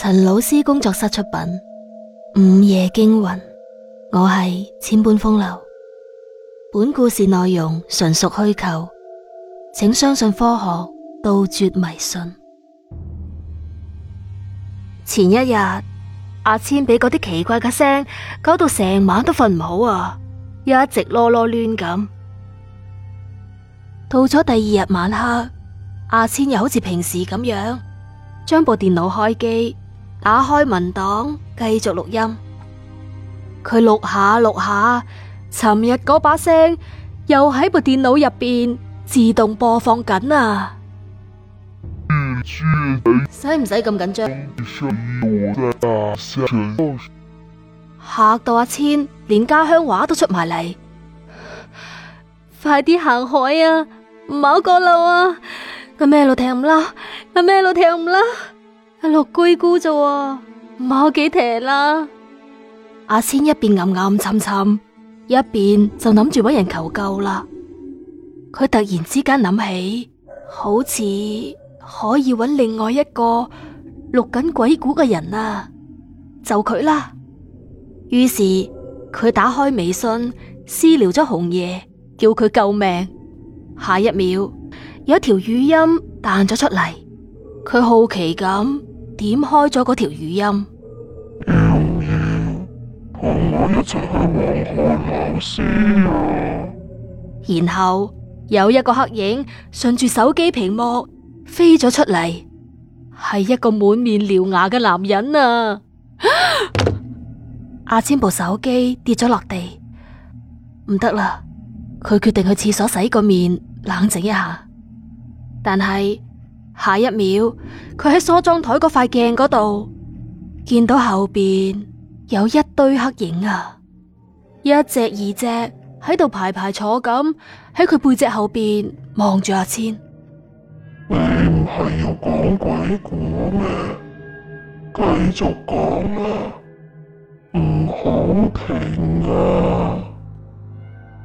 陳老師工作室出品《午夜驚魂》，我係千般風流。本故事內容純屬虛構，請相信科學，杜絕迷信。前一日，阿千俾嗰啲奇怪嘅聲搞到成晚都瞓唔好啊，一直囉囉攣咁。到咗第二日晚黑，阿千又好似平時咁樣將部電腦開機。打開文檔，繼續錄音。佢錄下錄下，尋日嗰把聲又喺部電腦入邊自動播放緊啊！使唔使咁緊張？嚇到阿千，連家鄉話都出埋嚟。快啲行海啊！唔好過路啊！阿咩路聽唔啦？阿咩路聽唔啦？阿六鬼故咋，唔係幾平啦。阿仙一邊暗暗沉沉，一邊就諗住揾人求救啦。佢突然之間諗起，好似可以揾另外一個錄緊鬼故嘅人啊，就佢啦。於是佢打開微信私聊咗紅爺，叫佢救命。下一秒有一條語音彈咗出嚟，佢好奇咁。點開咗嗰條語音，然後有一個黑影順住手機屏幕飛咗出嚟，係一個滿面獠牙嘅男人啊！阿、 啊、千部手機跌咗落地，唔得啦！佢決定去廁所洗個面，冷靜一下，但係。下一秒，佢喺梳妝台嗰塊鏡嗰度見到後邊有一堆黑影啊，一隻二隻喺度排排坐咁喺佢背脊後邊望住阿千。你唔係又講鬼講咩？繼續講啦，唔好停啊！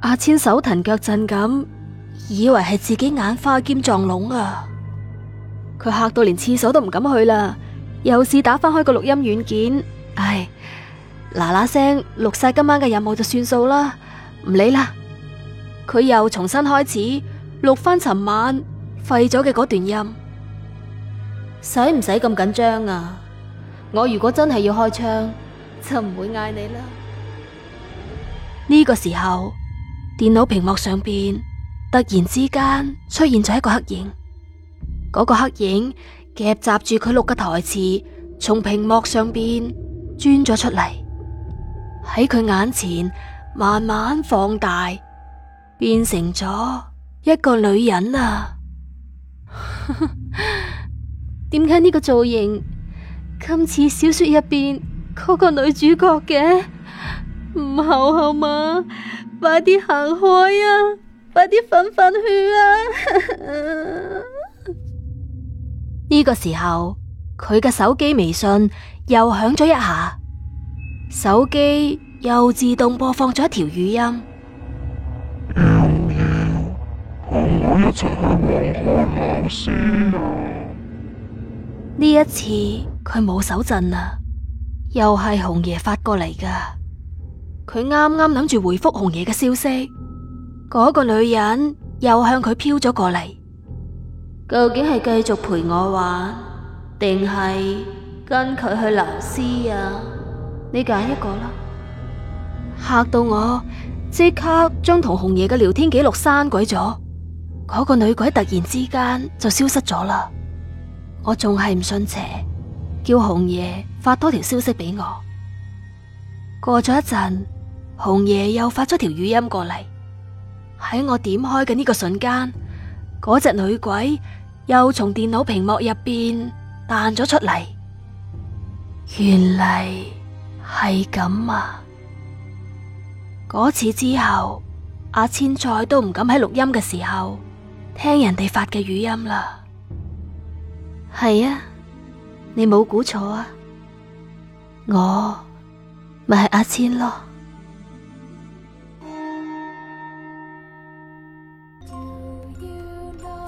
阿千手騰腳震咁，以為係自己眼花兼撞聾啊！佢嚇到連廁所都唔敢去啦，又試打翻開個錄音軟件，唉，嗱嗱聲錄晒今晚嘅任務就算數啦，唔理啦。佢又重新開始錄翻尋晚廢咗嘅嗰段音，使唔使咁緊張啊？我如果真係要開槍，就唔會嗌你啦。呢個時候，電腦屏幕上邊突然之間出現咗一個黑影。嗰個黑影夾雜住佢錄嘅台詞，從屏幕上邊鑽咗出嚟，喺佢眼前慢慢放大，變成咗一個女人啊！點解呢個造型今次小說入邊嗰個女主角嘅？唔好好嘛，快啲行開啊！快啲瞓瞓去啊！ 呢個時候，佢嘅手機微信又響咗一下，手機又自動播放咗一條語音。呢一次，佢冇手震啊，又係紅爺發過嚟噶。佢啱啱諗住回覆紅爺嘅消息，嗰個女人又向佢飄咗過嚟。究竟係繼續陪我玩，定係跟佢去流失啊？你揀一個啦！嚇到我即刻將同紅爺嘅聊天記錄刪鬼咗，嗰個女鬼突然之間就消失咗啦。我仲係唔信邪，叫紅爺發多條消息俾我。過咗一陣，紅爺又發咗條語音過嚟，喺我點開嘅呢個瞬間，嗰隻女鬼，又從電腦屏幕入邊彈咗出嚟，原嚟係咁啊！嗰次之後，阿千再都唔敢喺錄音嘅時候聽人哋發嘅語音啦。係啊，你冇估錯啊，我咪係阿千咯。